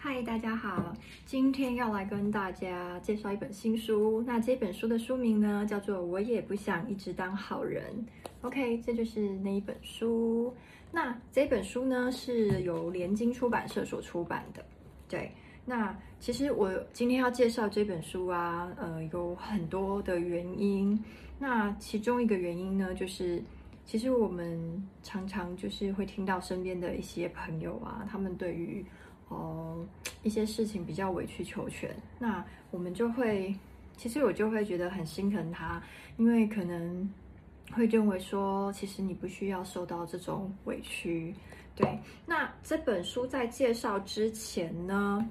嗨，Hi, 大家好，今天要來跟大家介紹一本新書。那這本書的書名呢，叫做《我也不想一直當好人》。OK，這就是那一本書。那這本書呢，是由聯經出版社所出版的。對，那其實我今天要介紹這本書啊，呃，有很多的原因。那其中一個原因呢，就是其實我們常常就是會聽到身邊的一些朋友啊，他們對於哦，一些事情比較委曲求全，那我們就會，其實我就會覺得很心疼他，因為可能會認為說，其實你不需要受到這種委屈。對，那這本書在介紹之前呢，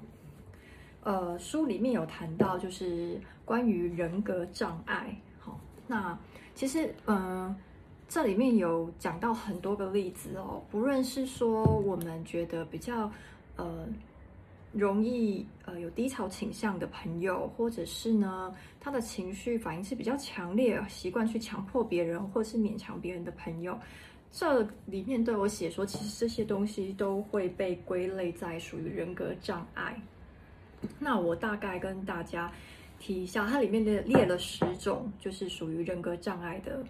呃，書裡面有談到就是關於人格障礙，好，那其實嗯，呃，這裡面有講到很多個例子哦，不論是說我們覺得比較。呃，容易呃，有低潮傾向的朋友，或者是呢，他的情緒反應是比較強烈，習慣去強迫別人或是勉強別人的朋友，這裡面都有寫說，其實這些東西都會被歸類在屬於人格障礙。那我大概跟大家提一下，它裡面的列了十種，就是屬於人格障礙的。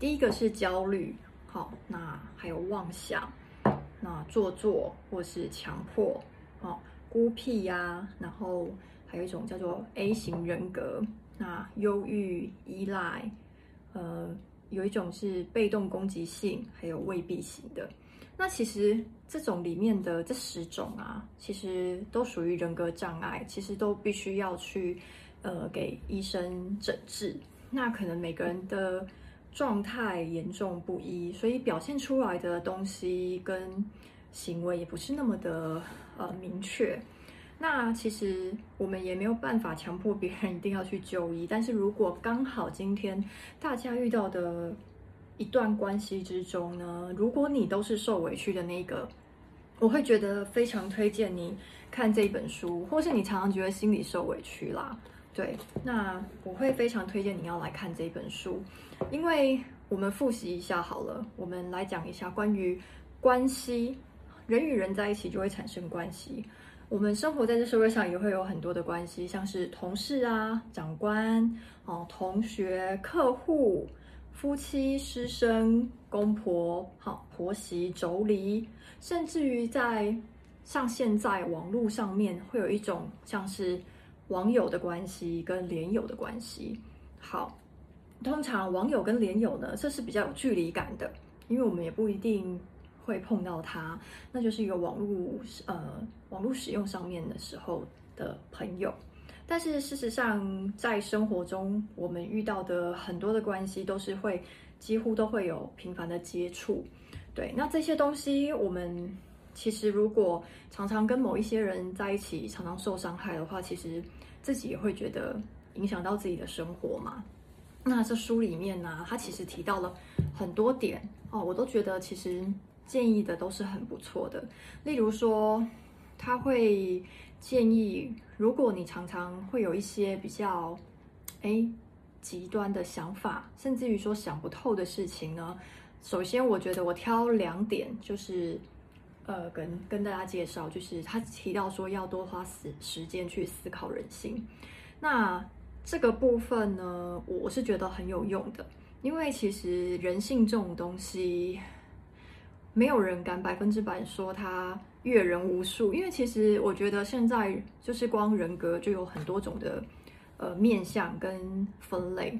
第一個是焦慮，好，那還有妄想。那做作、或是強迫，哦孤僻呀、啊，然後還有一種叫做 A 型人格，那憂鬱依賴，呃，有一種是被動攻擊性，還有回避型的。那其實這種裡面的這十種啊，其實都屬於人格障礙，其實都必須要去呃給醫生診治。那可能每個人的。狀態嚴重不一，所以表現出來的東西跟行為也不是那麼的呃明確。那其實我們也沒有辦法強迫別人一定要去就醫。但是如果剛好今天大家遇到的一段關係之中呢，如果你都是受委屈的那個，我會覺得非常推薦你看這一本書，或是你常常覺得心裡受委屈啦。對，那我會非常推薦你要來看這本書，因為我們複習一下好了，我們來講一下關於關係，人與人在一起就會產生關係，我們生活在這社會上也會有很多的關係，像是同事啊、長官、同學、客戶、夫妻、師生、公婆、好婆媳、妯娌，甚至於在像現在網絡上面會有一種像是。網友的關係跟連友的關係，好，通常網友跟連友呢，這是比較有距離感的，因為我們也不一定會碰到他，那就是一個網絡呃網絡使用上面的時候的朋友。但是事實上，在生活中，我們遇到的很多的關係都是會幾乎都會有頻繁的接觸。對，那這些東西我們。其實，如果常常跟某一些人在一起，常常受傷害的話，其實自己也會覺得影響到自己的生活嘛。那這書裡面呢、啊，它其實提到了很多點哦，我都覺得其實建議的都是很不錯的。例如說，他會建議，如果你常常會有一些比較誒極端的想法，甚至於說想不透的事情呢，首先我覺得我挑兩點就是。呃，跟跟大家介紹，就是他提到說要多花時時間去思考人性。那這個部分呢，我是覺得很有用的，因為其實人性這種東西，沒有人敢百分之百說他閱人無數，因為其實我覺得現在就是光人格就有很多種的呃面向跟分類。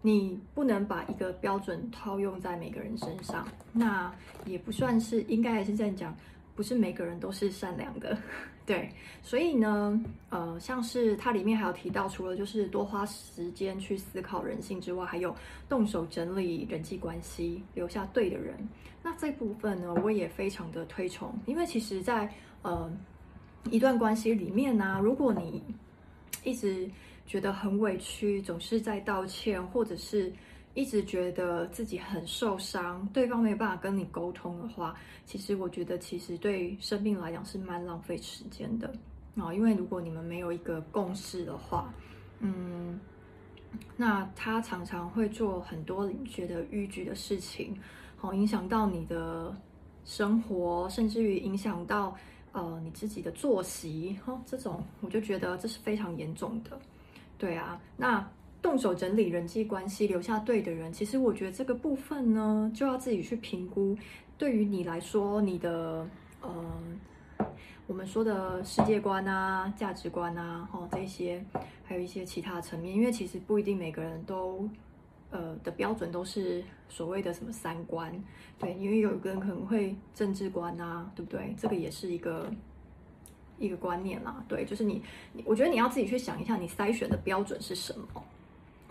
你不能把一個標準套用在每個人身上，那也不算是，應該還是這樣講，不是每個人都是善良的，對。所以呢，呃，像是它裡面還有提到，除了就是多花時間去思考人性之外，還有動手整理人際關係，留下對的人。那這部分呢，我也非常的推崇，因為其實在呃一段關係裡面呢，啊，如果你一直。覺得很委屈，總是在道歉，或者是一直覺得自己很受傷。對方沒辦法跟你溝通的話，其實我覺得其實對生命來講是蠻浪費時間的。啊、哦，因為如果你們沒有一個共識的話，嗯，那他常常會做很多你覺得逾矩的事情，好、哦，影響到你的生活，甚至於影響到呃你自己的作息。哈、哦，這種我就覺得這是非常嚴重的。對啊，那動手整理人際關係，留下對的人，其實我覺得這個部分呢，就要自己去評估。對於你來說，你的呃，我們說的世界觀啊、價值觀啊，哦，這些，還有一些其他層面，因為其實不一定每個人都呃的標準都是所謂的什麼三觀。對，因為有一個人可能會政治觀啊，對不對？這個也是一個。一個觀念啦，對，就是你，我覺得你要自己去想一下，你篩選的標準是什麼？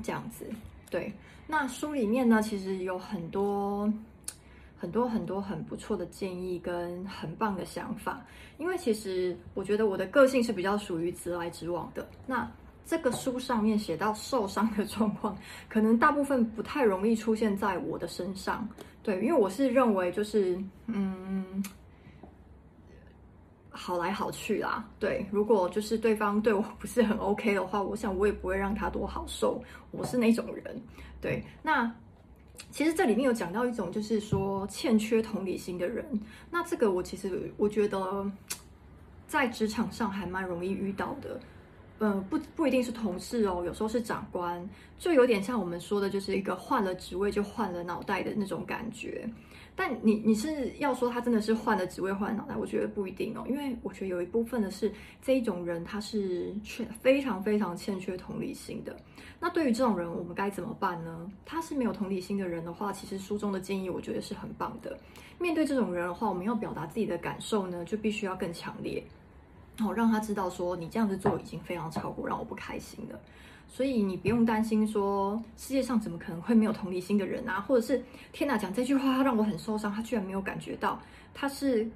這樣子，對。那書裡面呢，其實有很多、很多、很多很不錯的建議跟很棒的想法。因為其實我覺得我的個性是比較屬於直來直往的。那這個書上面寫到受傷的狀況，可能大部分不太容易出現在我的身上，對，因為我是認為就是，嗯。好來好去啦，對，如果就是對方對我不是很 OK 的話，我想我也不會讓他多好受，我是那種人，對。那其實這裡面有講到一種，就是說欠缺同理心的人，那這個我其實我覺得在職場上還蠻容易遇到的。嗯，不不一定是同事哦，有時候是長官，就有點像我們說的，就是一個換了職位就換了腦袋的那種感覺。但你你是要說他真的是換了職位換了腦袋，我覺得不一定哦，因為我覺得有一部分的是這一種人，他是缺非常非常欠缺同理心的。那對於這種人，我們該怎麼辦呢？他是沒有同理心的人的話，其實書中的建議我覺得是很棒的。面對這種人的話，我們要表達自己的感受呢，就必須要更強烈。然後讓他知道，說你這樣子做已經非常超過讓我不開心了，所以你不用擔心，說世界上怎麼可能會沒有同理心的人啊，或者是天哪，講這句話他讓我很受傷，他居然沒有感覺到，他是，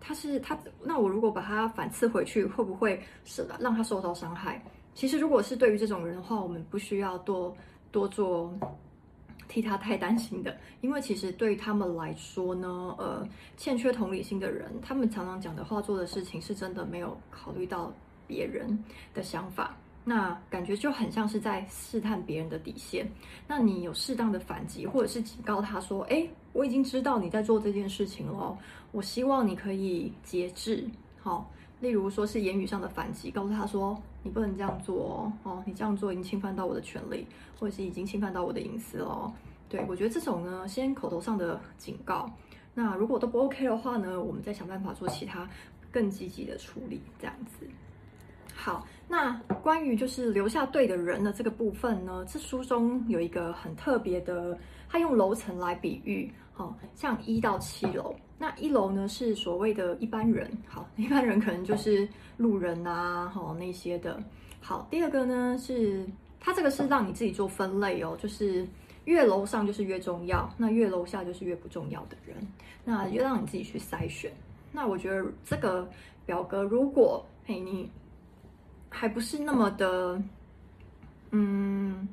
他是他，那我如果把他反刺回去，會不會舍、啊、讓他受到傷害？其實如果是對於這種人的話，我們不需要多多做，替他太擔心的，因為其實對於他們來說呢，呃，欠缺同理心的人，他們常常講的話、做的事情，是真的沒有考慮到別人的想法，那感覺就很像是在試探別人的底線。那你有適當的反擊，或者是警告他說：“哎，我已經知道你在做這件事情了，我希望你可以節制。”好，例如說是言語上的反擊，告訴他說。你不能這樣做哦，哦，你這樣做已經侵犯到我的權利，或者是已經侵犯到我的隱私了哦。對，我覺得這種呢，先口頭上的警告。那如果都不 OK 的話呢，我們再想辦法做其他更積極的處理，這樣子。好，那關於就是留下對的人的這個部分呢，這書中有一個很特別的，他用樓層來比喻。哦、像一到七樓，那一樓呢是所謂的一般人，好，一般人可能就是路人啊，好、哦、那些的。好，第二個呢是，他這個是讓你自己做分類哦，就是越樓上就是越重要，那越樓下就是越不重要的人，那越讓你自己去篩選。那我覺得這個表格，如果陪你還不是那麼的，嗯。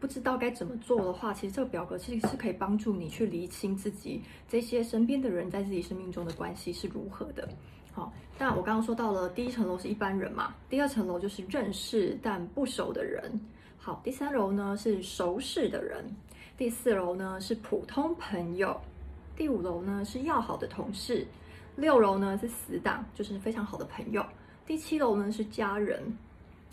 不知道該怎麼做的話，其實這個表格其實是可以幫助你去釐清自己這些身邊的人在自己生命中的關係是如何的。好，但我剛剛說到了第一層樓是一般人嘛，第二層樓就是認識但不熟的人。好，第三樓呢是熟識的人，第四樓呢是普通朋友，第五樓呢是要好的同事，六樓呢是死黨，就是非常好的朋友。第七樓呢是家人。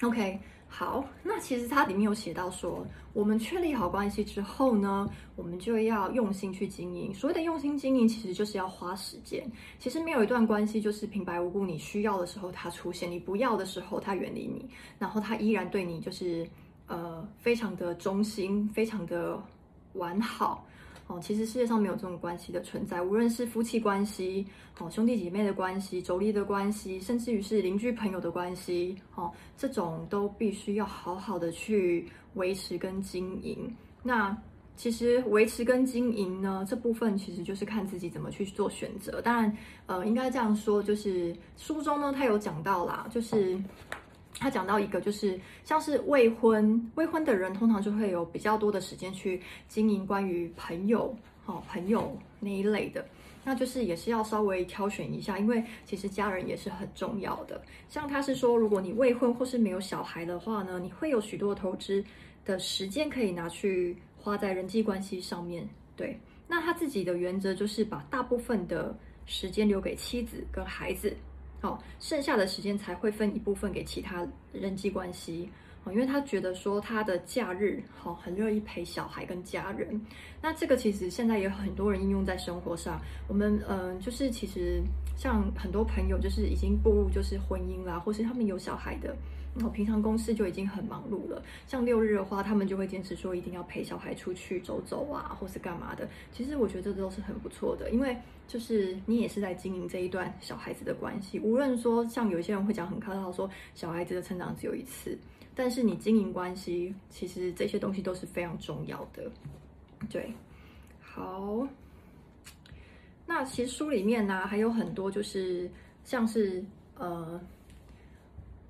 OK。好，那其實它裡面有寫到說，我們確立好關係之後呢，我們就要用心去經營。所謂的用心經營，其實就是要花時間。其實沒有一段關係，就是平白無故，你需要的時候它出現，你不要的時候它遠離你，然後它依然對你就是呃非常的忠心，非常的完好。哦，其實世界上沒有這種關係的存在，無論是夫妻關係、哦兄弟姐妹的關係、妯娌的關係，甚至於是鄰居朋友的關係，哦，這種都必須要好好的去維持跟經營。那其實維持跟經營呢，這部分其實就是看自己怎麼去做選擇。當然，呃，應該這樣說，就是書中呢，他有講到啦，就是。他講到一個，就是像是未婚、未婚的人，通常就會有比較多的時間去經營關於朋友、哦朋友那一類的，那就是也是要稍微挑選一下，因為其實家人也是很重要的。像他是說，如果你未婚或是沒有小孩的話呢，你會有許多投資的時間可以拿去花在人際關係上面，對。那他自己的原則就是把大部分的時間留給妻子跟孩子。剩下的時間才會分一部分給其他人際關係，因為他覺得說他的假日，很樂意陪小孩跟家人。那這個其實現在也有很多人應用在生活上。我們，嗯，就是其實像很多朋友，就是已經步入就是婚姻啦，或是他們有小孩的。平常公司就已經很忙碌了，像六日的話，他們就會堅持說一定要陪小孩出去走走啊，或是幹嘛的。其實我覺得這都是很不錯的，因為就是你也是在經營這一段小孩子的關係。無論說像有些人會講很客套，說小孩子的成長只有一次，但是你經營關係，其實這些東西都是非常重要的。對，好，那其實書裡面呢，啊，還有很多，就是像是呃。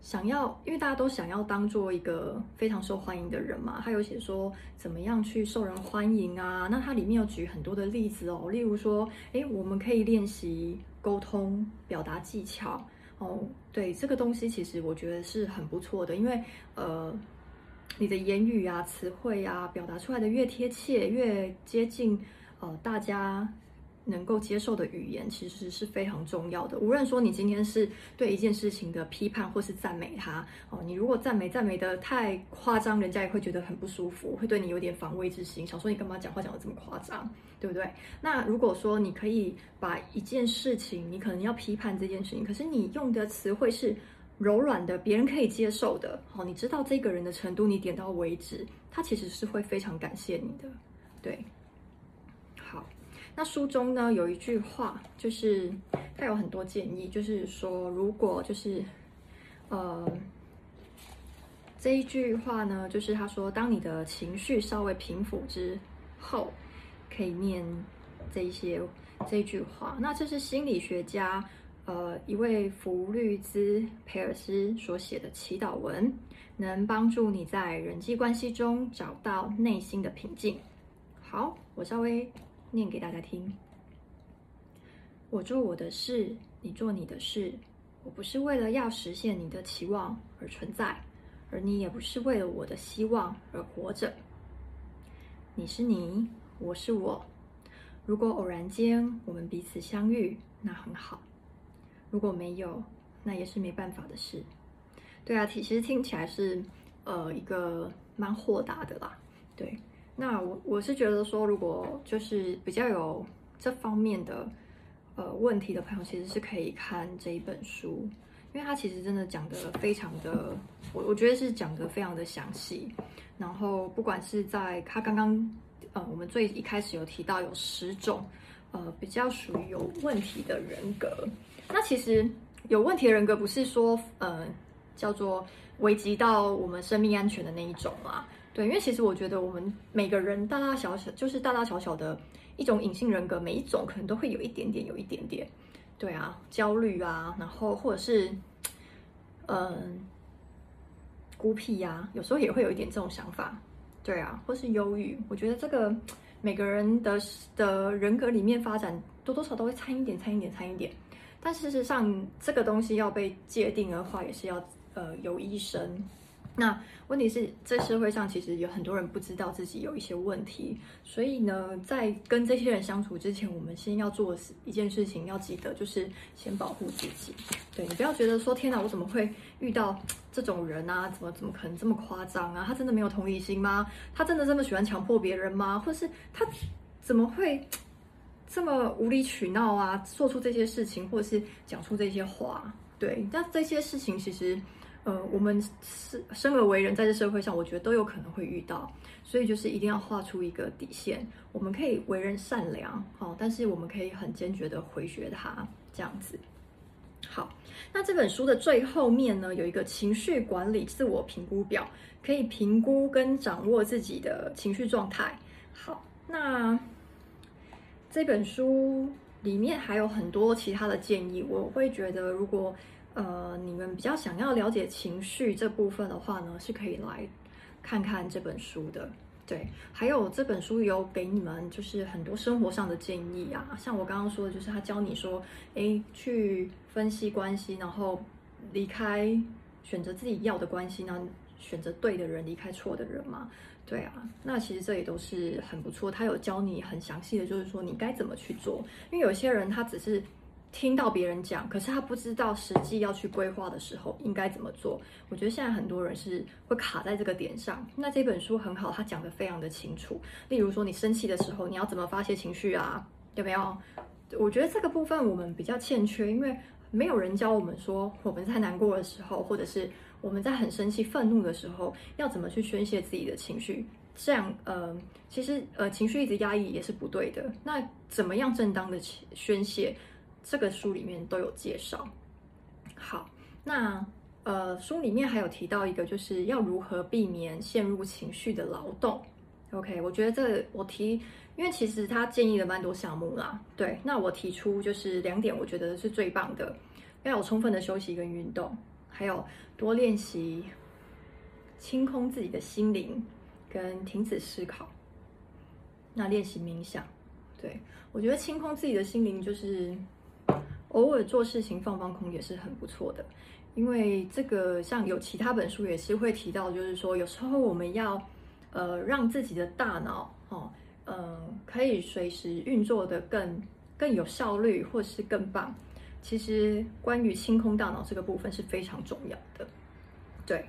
想要，因為大家都想要當做一個非常受歡迎的人嘛，他有寫說怎麼樣去受人歡迎啊。那它裡面有舉很多的例子哦，例如說，哎、欸，我們可以練習溝通、表達技巧哦。對，這個東西其實我覺得是很不錯的，因為呃，你的言語啊、詞彙啊，表達出來的越貼切，越接近呃大家。能夠接受的語言其實是非常重要的。無論說你今天是對一件事情的批判，或是讚美他，哦，你如果讚美讚美得太誇張，人家也會覺得很不舒服，會對你有點防衛之心，想說你幹嘛講話講得這麼誇張，對不對？那如果說你可以把一件事情，你可能要批判這件事情，可是你用的詞彙是柔軟的，別人可以接受的，好、哦，你知道這個人的程度，你點到為止，他其實是會非常感謝你的，對，好。那書中呢，有一句話，就是他有很多建議，就是說如果就是，呃，這一句話呢，就是他說，當你的情緒稍微平復之後，可以念這一些這一句話。那這是心理學家，呃，一位弗律茲佩爾斯所寫的祈禱文，能幫助你在人際關係中找到內心的平靜。好，我稍微，念給大家聽：我做我的事，你做你的事。我不是為了要實現你的期望而存在，而你也不是為了我的希望而活着。你是你，我是我。如果偶然間我們彼此相遇，那很好；如果沒有，那也是沒辦法的事。對啊，其實聽起來是呃一個蠻豁達的啦。對。那我我是覺得說，如果就是比較有這方面的呃問題的朋友，其實是可以看這一本書，因為他其實真的講得非常的，我我覺得是講得非常的詳細。然後不管是在他剛剛呃我們最一開始有提到有十種呃比較屬於有問題的人格，那其實有問題的人格不是說呃叫做危及到我們生命安全的那一種嘛、啊。對，因為其實我覺得我們每個人大大小小，就是大大小小的一種隱性人格，每一種可能都會有一點點，有一點點。對啊，焦慮啊，然後或者是，嗯、呃，孤僻啊，有時候也會有一點這種想法。對啊，或是憂鬱。我覺得這個每個人的的人格裡面發展，多多少少都會摻一點，摻一點，摻一點。但事實上，這個東西要被界定的話，也是要呃由醫生。那問題是在社會上，其實有很多人不知道自己有一些問題，所以呢，在跟這些人相處之前，我們先要做一件事情要記得，就是先保護自己。對，你不要覺得說天哪，我怎麼會遇到這種人啊？怎麼怎麼可能這麼誇張啊？他真的沒有同理心嗎？他真的這麼喜歡強迫別人嗎？或是他怎麼會這麼無理取鬧啊？做出這些事情，或者是講出這些話？對，但這些事情其實。呃，我們是生而為人，在這社會上，我覺得都有可能會遇到，所以就是一定要畫出一個底線。我們可以為人善良，哦，但是我們可以很堅決的回絕他，這樣子。好，那這本書的最後面呢，有一個情緒管理自我評估表，可以評估跟掌握自己的情緒狀態。好，那這本書裡面還有很多其他的建議，我會覺得如果。呃，你們比較想要了解情緒這部分的話呢，是可以來看看這本書的。對，還有這本書有給你們就是很多生活上的建議啊，像我剛剛說的，就是他教你說，哎，去分析關係，然後離開，選擇自己要的關係，然後選擇對的人，離開錯的人嘛。對啊，那其實這也都是很不錯。他有教你很詳細的就是說你該怎麼去做，因為有些人他只是。聽到別人講，可是他不知道實際要去規劃的時候應該怎麼做。我覺得現在很多人是會卡在這個點上。那這本書很好，他講得非常的清楚。例如說，你生氣的時候，你要怎麼發洩情緒啊？有沒有？我覺得這個部分我們比較欠缺，因為沒有人教我們說，我們在難過的時候，或者是我們在很生氣、憤怒的時候，要怎麼去宣洩自己的情緒。這樣，呃，其實呃，情緒一直壓抑也是不對的。那怎麼樣正當的宣洩？這個書裡面都有介紹。好，那呃，書裡面還有提到一個，就是要如何避免陷入情緒的勞動。OK，我覺得這我提，因為其實他建議了蠻多項目啦。對，那我提出就是兩點，我覺得是最棒的：要有充分的休息跟運動，還有多練習清空自己的心靈，跟停止思考。那練習冥想，對，我覺得清空自己的心靈就是。偶爾做事情放放空也是很不錯的，因為這個像有其他本書也是會提到，就是說有時候我們要呃讓自己的大腦哦，嗯、呃，可以隨時運作得更更有效率或是更棒。其實關於清空大腦這個部分是非常重要的。對，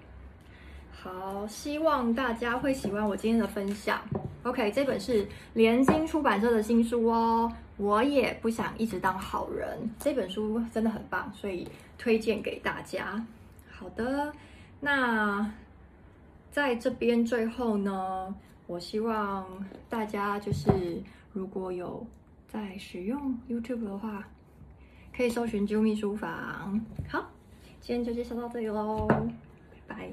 好，希望大家會喜歡我今天的分享。OK，這本是聯經出版社的新書哦。我也不想一直當好人，這本書真的很棒，所以推薦給大家。好的，那在這邊最後呢，我希望大家就是如果有在使用 YouTube 的話，可以搜尋啾咪書房。好，今天就介紹到這裡囉，拜拜。